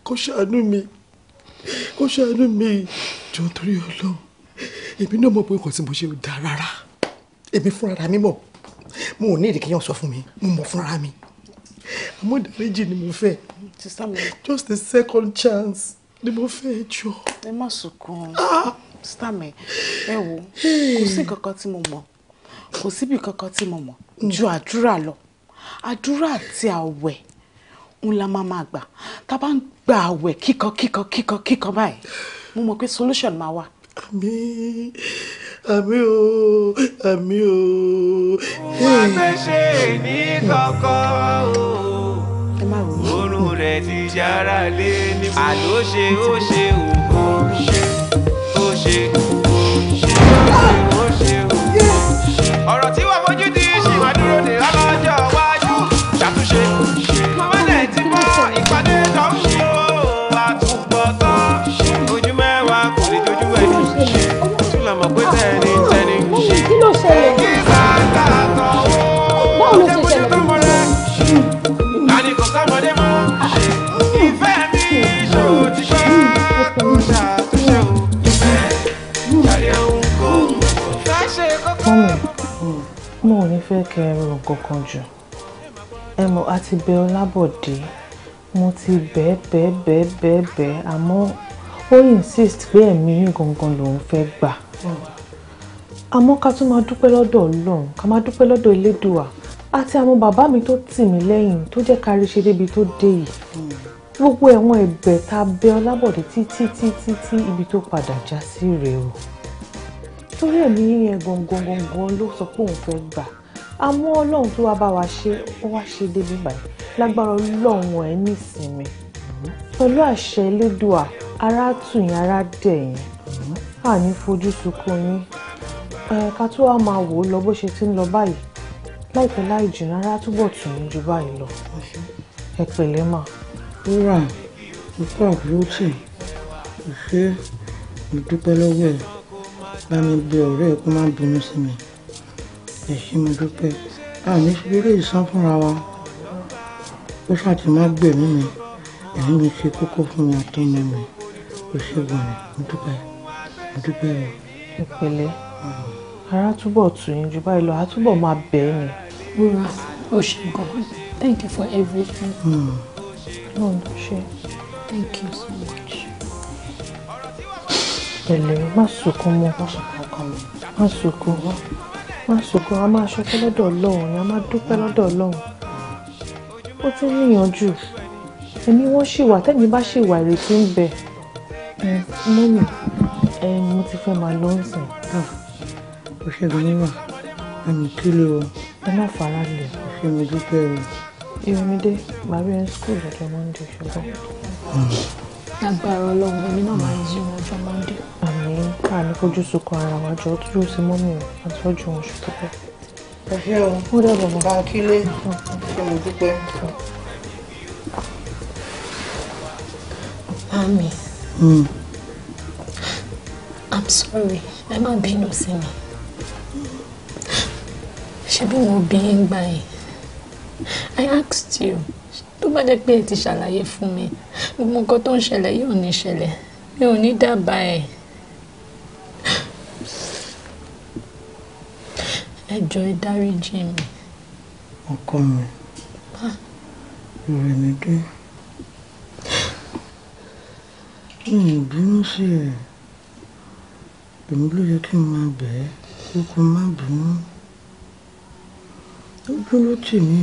kó ṣàánú mi kó ṣàánú mi jọ torí Ọlọ́run èmi náà mọ̀ pé nǹkan tí mo ṣe ò rárá èmi fúnra mi mọ̀ mo ò ní ìdí kéèyàn sọ fún mi mo mọ̀ fúnra mi amúdáríjì ni mo fẹ́ just a second chance ni mo fẹ́ jọ. ẹ má sunkún sísá ah! mi ẹ wo kò sí nǹkan kan tí mo mọ̀ kò síbi kankan tí mo mọ̀ ju àdúrà lọ àdúrà àti àwẹ̀ ń la máa máa gbà tá a bá ń gba àwẹ̀ kíkan kíkan kíkan kíkan báyìí mo mọ̀ pé solution máa wà. àmín àmín o àmín o. wọ́n fẹ́ ṣe ní kankan ẹ ti yára lé ní. àló ṣe ó ṣe òkò ṣe ó ṣe ó ṣe ó ṣe ó ṣe. ọ̀rọ̀ tí wọ́n fojú di ṣì máa dúró de lọ́jọ́ iwájú ṣàtúnṣe. mọ́mọ́lẹ̀ ti mọ ìpàdé tó ń ṣe. fẹ́ kẹ́ ẹ rò kankan jù ẹ mọ̀ a ti bẹ Ọlábọ̀dé mo ti bẹ́ẹ̀ bẹ́ẹ̀ bẹ́ẹ̀ bẹ́ẹ̀ bẹ́ẹ̀ àmọ́ ó insist pé ẹ̀mí yín gangan lòun fẹ́ gbà àmọ́ ká tún máa dúpẹ́ lọ́dọ̀ Ọlọ́run ká máa dúpẹ́ lọ́dọ̀ Elédùà àti àwọn bàbá mi tó tì mí lẹ́yìn tó jẹ́ ká rí ṣe débi tó dé yìí gbogbo ẹ̀wọ̀n ẹ̀bẹ̀ tá bẹ Ọlábọ̀dé títí títí tí ibi tó padà já sí rèé o torí ẹ̀mí yín yẹn gangan gangan ló sọ pé òun fẹ́ gbà àmọ́ ọlọ́run tó wá bá wa ṣe ó wá ṣe débi báyìí lágbára ọlọ́run ẹ̀ nísìnyí pẹ̀lú àṣẹ elédùà ara tù yín ara dẹ̀ yín àní fojú sunkún yín ká tó wá máa wò ó lọ bó ṣe ti ń lọ báyìí láìpẹ́ láì jìnnà ara túbọ̀ tù yín ju báyìí lọ ẹ pẹ̀lẹ́ mà. rírà ikú àbúrò tì ìfẹ́ ìdúpẹ́ lọ́wọ́ ẹ̀ bá mi bẹ ọ̀rẹ́ ẹ̀ kó má bínú sí mi èṣì mi dúpẹ́ àmì ṣe eré ìsan fúnra wa ó ṣàti má gbẹ̀mí mi ẹ̀mí mi ṣe kókó fún mi àtọ́nu mi ó ṣègùn rẹ̀ mo dúpẹ́ mo dúpẹ́ o. ìpẹ̀lẹ́ ara túbọ̀ tù yín jù báyìí lọ a túbọ̀ máa bẹ̀ ẹ́ ni. rúra ó ṣe gan thank you for everything. Hmm. lóun ló ṣe. thank you so much. pẹ̀lẹ́ má sunkún mọ́ má sunkún mọ́ má sunkún mọ́ máa sùkún a máa ṣọpẹ́ lọ́dọ̀ Ọlọ́run ni a máa dúpẹ́ lọ́dọ̀ Ọlọ́run ó tún níyànjú ẹ̀mí wọ́n ṣì wà tẹ̀mí bá ṣì wà ìrètí ń bẹ mọ́mì mo ti fẹ́ máa lọ sìn. Ah, o ṣe gan níwà àmì kí ló wọ. ẹ má fara lè. o ṣe mo dúpẹ́ o. ìrìnde màá rí ẹ ní skul lọ́jọ́ Monday ṣùgbọ́n. Hmm. agbára Ọlọ́run èmi náà máa ń jí ọjọ́ Monday yín káà ní sunkún ara wa jọ tó sí mọ́mì rẹ̀ àtọ́jú wọn oṣù tó ẹ ṣe o ó dẹ̀ bá a kí ṣe mo dúpẹ́. mami hmm. i'm sorry ẹ má bínú sí mi ṣé bí mo bí ń gbà yẹn i asked you tó bá jẹ́ pé ẹ ti ṣàlàyé fún mi gbogbo nǹkan tó ń ṣẹlẹ̀ yóò ní ṣẹlẹ̀ mi ò ní dábàá ẹ̀. ẹ jọ̀ọ́ ẹ dáríjì mi. ọkọ mi rẹ̀ mi dé mi ò bínú sí ẹ èmi ló yẹ kí n máa bẹ̀ ẹ́ kó kó má bínú ojú ló tì mí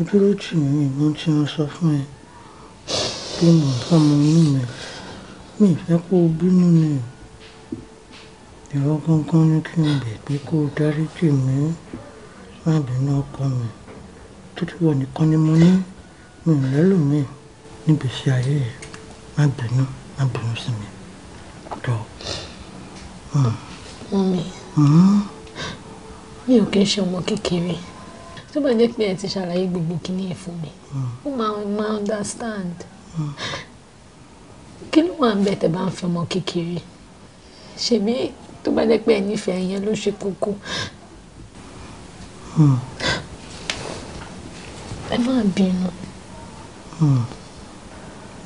ojú ló tì mí ìmọ̀ tí mo sọ fún ẹ pé mo ń fọmọ inú mi mi ìfẹ́ kó bínú ni ìwọ gángan ní kí n bẹ̀ pé kó o dáríjì mí má bínú ọkọ mi tó ti wọ nìkan ni mo ní mi ò lẹ́lòmíì nígbèsí ayé yìí má bínú má bínú sí mi tó. Hmm. mọ́mí hmm? mi ò kí ń ṣe ọmọ kékeré tó bá jẹ́ pé ẹ ti ṣàlàyé gbogbo kíní ẹ̀ fún mi hmm. ó máa máa understand kí ló wà ń bẹ̀ tẹ́ bá ń fi ọmọ kékeré ṣebí tó bá jẹ́ pé ẹ nífẹ̀ẹ́ yẹn ló ṣe kókó. Hmm. ẹ má hmm. bínú.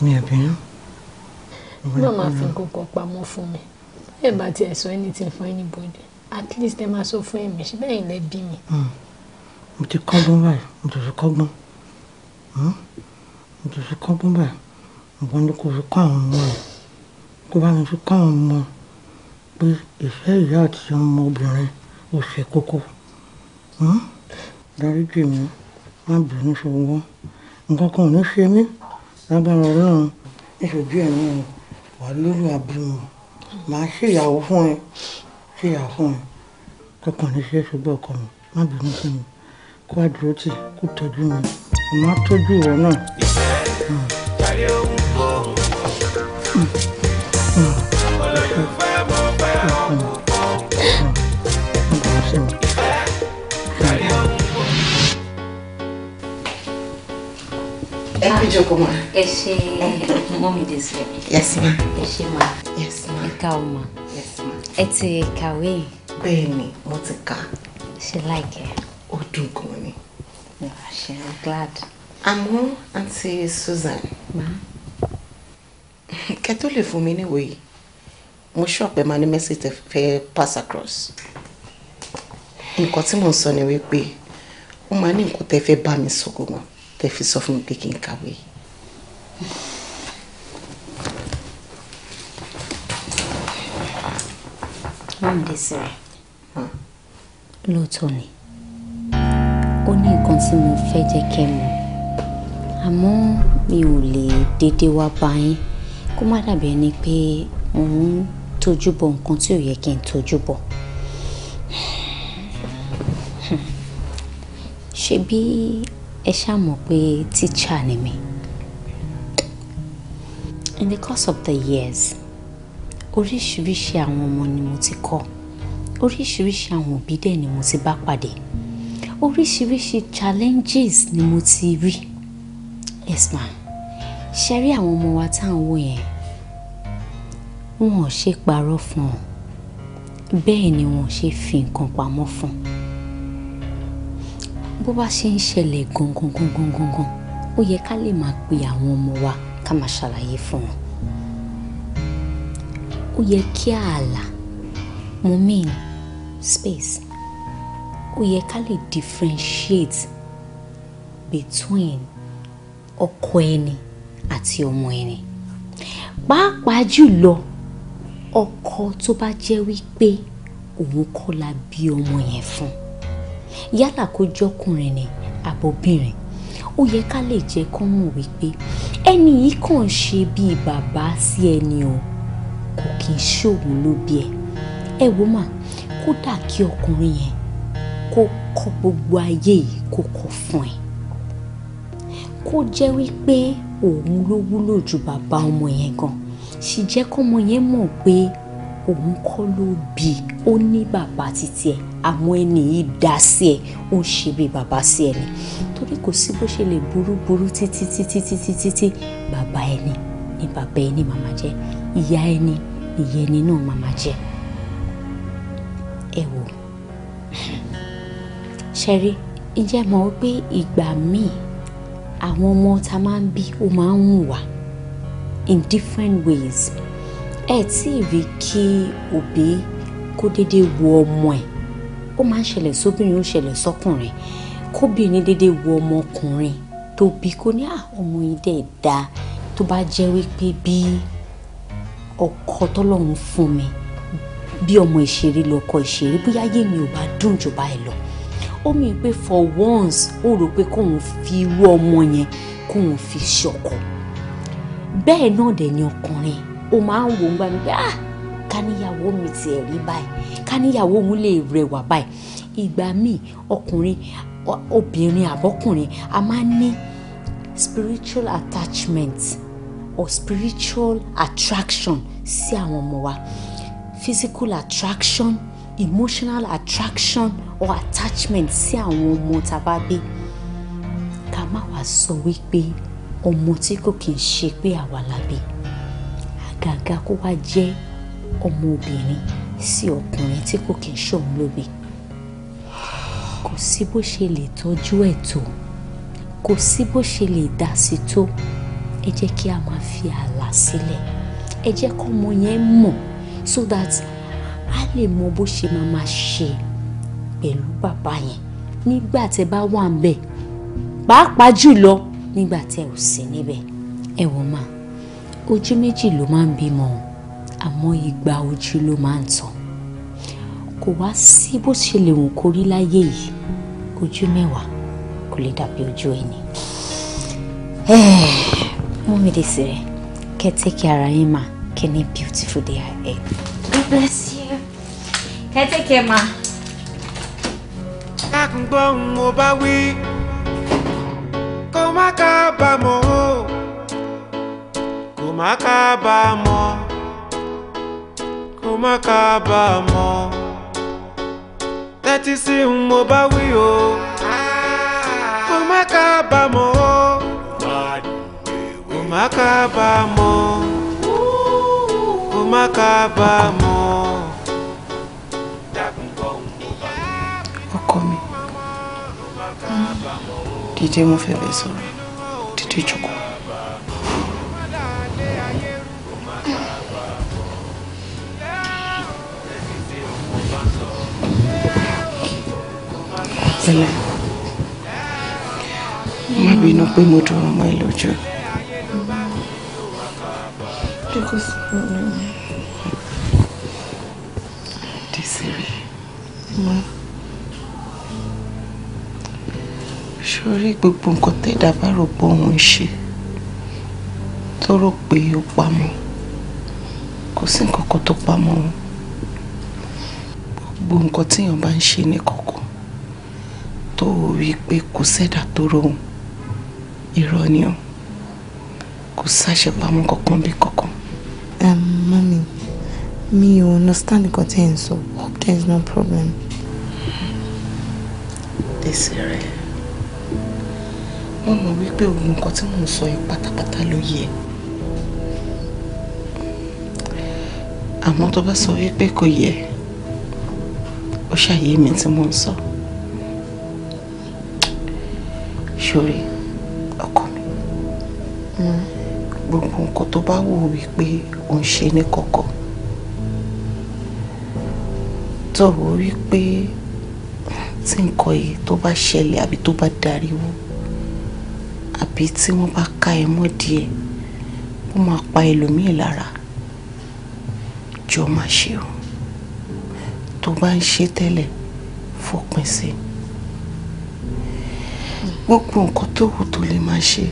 mi ò bínú. má máa fi nǹkan kan pamọ́ fún mi ẹ bá tiẹ̀ sọ anything for anybody at least ẹ máa sọ fún èmi ṣe bẹ́ẹ̀ ilẹ̀ bí mi. Hmm. mo ti kọ́gbọ́n báyìí mo ti fi kọ́gbọ́n mo ti fi kọ́gbọ́n báyìí mo kàn ní kó fi kọ́ àwọn ọmọ rẹ̀ kó bá mi fi kọ́ àwọn ọmọ rẹ̀ pé ìfẹ́ ìyá àti ọmọbìnrin ó ṣe kókó hmm? dáríjì mi má bínú ṣọwọ́ nǹkan kan ò ní ṣe mí lágbára ọlọ́run níṣojú ẹ̀mí o wà lórí àbímọ màá ṣèyàwó fún ẹ ṣèyàwó fún ẹ kankan ní ṣe é ṣùgbọ́n ọkọ mi má bínú sí mi kó àdúró tì kó tọ́jú mi mo máa tọ́jú ìwọ náà. ìfẹ́ kárí ohun kò jókòó ma. ẹ ṣe mọ́ mi dé sílẹ̀. yes ma. ẹ ṣe ma. yes ma. ẹ ká o ma. yes ma. ẹ ti kàwé yìí. bẹ́ẹ̀ ni mo ti kà. ṣe láìkẹ́. ó dùn gan ni. ṣe i'm glad. àmọ́ àǹtí Susan. ma. kẹ́ tó lè fún mi níwèé yìí mo ṣọ̀pẹ́ máa ní message tẹ fẹ́ pass across. nǹkan tí mo ń sọ ni wípé ó máa ní nǹkan tẹ fẹ́ bá mi sọ gbogbo tẹ́ fi sọ fún mi pé kí n kàwé. wọ́n lè sọ̀rọ̀ lóòótọ́ ni ó ní nǹkan tí mo fẹ́ jẹ́ kẹ́ mọ̀ àmọ́ mi ò lè dédé wá bá yín kó má dàbí ẹni pé òun tójú bọ nǹkan tí ò yẹ kí n tójú bọ. ṣebí ẹ ṣáà pé teacher ni mi. in the course of the years oríṣiríṣi àwọn ọmọ ni mo ti kọ́ oríṣiríṣi àwọn òbí dẹ̀ ni mo ti bá pàdé oríṣiríṣi challenges ni mo ti rí yes ma ṣe rí àwọn ọmọ wa tá à ń wò yẹn wọn ò ṣe parọ́ fún ọ bẹ́ẹ̀ ni wọn ò ṣe fi nǹkan pamọ́ fún ọ bó bá ṣe ń ṣẹlẹ̀ gangan gangan gangan ó yẹ ká lè máa pe àwọn ọmọ wa ká máa ṣàlàyé fún wọn ó yẹ kí ààlà mo mean space ó yẹ ká lè differentiate between ọkọ ẹni àti ọmọ ẹni pàápàá jùlọ ọkọ tó bá jẹ́ wípé òun kọ́ la bí ọmọ yẹn fún un yálà kó jọkùnrin ni àbóbìnrin ó yẹ ká lè jẹ́ kán mọ̀ wípé ẹni yìí kàn ń ṣe bíi bàbá sí ẹni o kò kì í ṣòun ló bí ẹ ẹ wò mà kódà kí ọkùnrin yẹn kó kọ gbogbo ayé yìí kó kọ fún ẹ kó jẹ́ wípé òun ló wúlò ju bàbá ọmọ yẹn gan sì jẹ́ kọ́mọ yẹn mọ̀ pé òun kọ́ ló bí ó ní bàbá títí ẹ̀ àmọ́ ẹni yìí dá sí ẹ ó ń ṣe bí bàbá sí ẹ torí kò sí bó ṣe lè burú burú títí títí títí títí bàbá ẹni ni bàbá ẹni màmá jẹ ìyá ẹni ìyá ẹni náà màmá jẹ ẹ wò ṣẹ́rí ǹjẹ́ mọ̀ pé ìgbà míì àwọn ọmọ tá máa ń bí ó máa ń hùwà in different ways ẹ tí ì rí kí òbí kó déédéé wo ọmọ ẹ̀ ó máa ń ṣẹlẹ̀ sóbìnrin ó ṣẹlẹ̀ sọ́kùnrin kóbìnrin dédé wo ọmọkùnrin tó bí kó ní ah, ọmọ yìí dẹ̀ da tó bá jẹ́ wípé bí ọkọ tọ́lọ́run fún mi bí ọmọ ìṣeré lọkọ ìṣeré bóyá ayé mi ò bá dùn jù báyìí lọ ó mi pé for once ó rò pé kóun fi irú ọmọ yẹn kóun fi ṣọkọ bẹ́ẹ̀ náà dẹ̀ ni ọkùnrin ó máa ń wò ó gbà mí pé ah ká níyàwó mi tiẹ̀ rí báyìí ká níyàwó mi lè rẹwà báyìí ìgbà míì ọkùnrin obìnrin àbọ́kùnrin a máa ní spiritual attachment or spiritual attraction sí àwọn ọmọ wa physical attraction emotional attraction or attachment sí àwọn ọmọ tá a bá bí ká má wá sọ wípé ọmọ tí kò kì í ṣe pé àwa la àgàgà kó wá jẹ́ ọmọ obìnrin sí ọkùnrin tí kò kí ń ṣòun lóbi kò sí bó ṣe lè tọ́jú ẹ̀ tó kò sí bó ṣe lè dá sí tó ẹ jẹ́ kí a máa fi ààlà sílẹ̀ ẹ jẹ́ kọ́mọ yẹn mọ̀ so that a lè mọ bó ṣe máa máa ṣe pẹ̀lú bàbá yẹn nígbà tẹ́ bá wà ń bẹ̀ pàápàá jùlọ nígbà tẹ́ ò sí níbẹ̀ ẹ wò máa ojú méjì ló máa ń bímọ o àmọ́ ìgbà ojú ló máa ń tàn kò wá sí bó ṣe lè wù kó rí láyé yìí ojú mẹ́wàá kò lè dàbí ojú ẹni. mú mi dé sílẹ̀ kẹ́ tẹ́kì ara yín mà kẹ́ ní beautiful day ahead. God bless you. kẹ́ tẹ́kì ẹ̀ mà. káàkùngbọ́ mo bá wí kó má kábàámọ̀ kó má kábàámọ̀ ó má kábàámọ̀ tẹ́tí sí ń mo bá wí o ó má kábàámọ̀ o ó má kábàámọ̀ ó má kábàámọ̀. ọkọ mi dìde mo fẹ́ bẹ̀ sọ̀rọ̀ dìde jókòó. pẹ̀lẹ́ má bínú pé mo dúró ọmọ ẹ lójú. Desire. Ma. Sori gbogbo nǹkan tẹ́ dábàá rò pé òun ń ṣe tó rò pé ó pamọ́ kò sí nǹkan kan tó pamọ́ gbogbo nǹkan tíyàn bá ń ṣe nìkan pé kò sẹ́dà tó rohùn irọ́ ni o kò sáṣepamọ́ kankan bí kankan. mami mi ò understand the tẹ́ ẹ̀ ń sọ hope there is no problem. Desire wọ́n mọ̀ wípé òun nǹkan tí mò ń sọ yìí pátápátá ló yẹ. àmọ́ tó bá sọ wípé kò yẹ ó ṣàyè mi tí mò ń sọ. So. ṣòre ọkọ mi gbogbo nǹkan tó bá wù wípé ò ń ṣe ní kọ̀kọ̀ tó wù wípé tí nǹkan yìí tó bá ṣẹlẹ̀ àbí tó bá dariwo àbí tí wọ́n bá ka ẹ mọ́ díẹ̀ ó máa pa ẹlòmíì lára jọ máa ṣe o tó bá ń ṣe tẹ́lẹ̀ fòpin sí i gbogbo nǹkan tó wù tó lè máa ṣe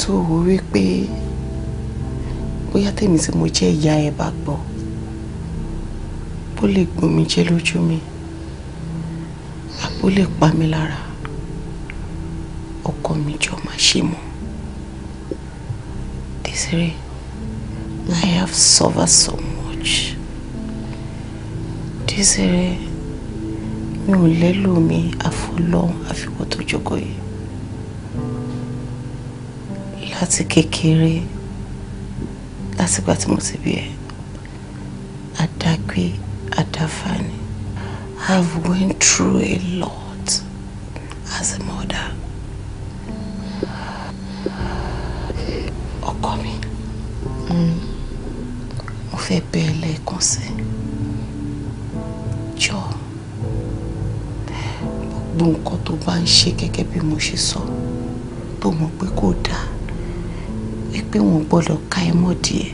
tó wù wípé bóyá tèmi tí mo jẹ́ ìyá ẹ bá gbọ́ bó lè gbomi jẹ lójú mi àbó lè pa mí lára ọkọ mi jọ máa ṣe mọ́ Desiree I have suffered so much Desiree mi ò lẹ́lò mi àfọlọ́hún àfikọ́ tó jókòó yìí láti kékeré látìgbà tí mo ti bí ẹ adágbé adáfáàní I went through a lot as a mother ọkọ mi mo fẹ́ bẹ̀ ẹ́ lẹ́ẹ̀kan sí i. gbogbo nǹkan tó bá ń ṣe gẹ́gẹ́ bí mo ṣe sọ tó mọ̀ pé kò dáa wípé wọn gbọ́dọ̀ ka ẹ mọ́ díẹ̀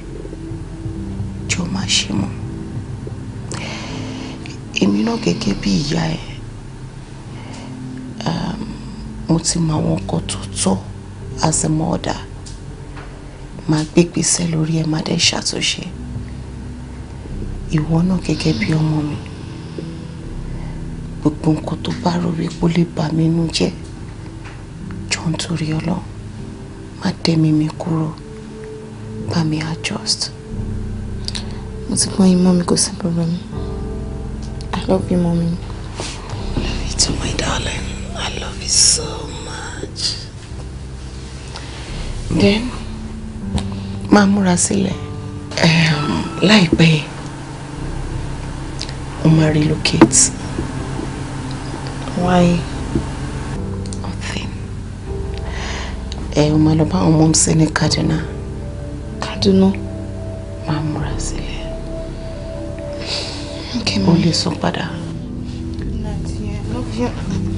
jọ máa ṣe mọ́ èmi náà gẹ́gẹ́ bí ìyá ẹ ehm, mo ti mọ àwọn nǹkan tó tọ́ as a mother máa gbégbèsè lórí ẹ má dẹ́ ṣàtúnṣe ìwọ náà gẹ́gẹ́ bí ọmọ mi gbogbo tó bá rò rí lè bà mí nú jẹ́ jọ torí ọlọ́run má dẹ́mi mi kúrò bá mi adjust mo ti pọ́n yín mọ́ mi kò sí problem I love you mommy. Love you too my darling I love you so much. Then máa múra sílẹ̀ um, láìpẹ́ yìí máa relocate. Why? Nothing. Ẹ o máa lọ bá àwọn mọ́mí sí ní Kaduna. Kaduna máa múra sílẹ̀. Kí mo lè sọ padà? love you.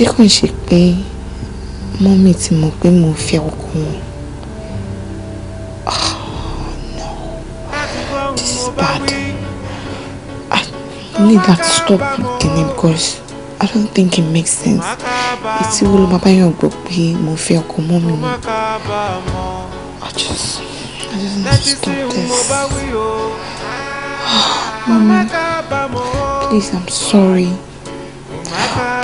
ṣé kàn ṣe pé mọ́mì ti mọ̀ pé mo fẹ́ ọkọ wọn. Ah, I need that to stop looking him because I don't think it makes sense etí wo ló máa bá gbọ́ pé mo fẹ́ ọkọ mọ́mì mi I just I just need to stop this. Ah, Mommy, please, I'm sorry.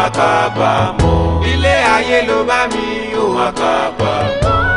máa kábàámọ̀. ilé ayé ló bá mi ò máa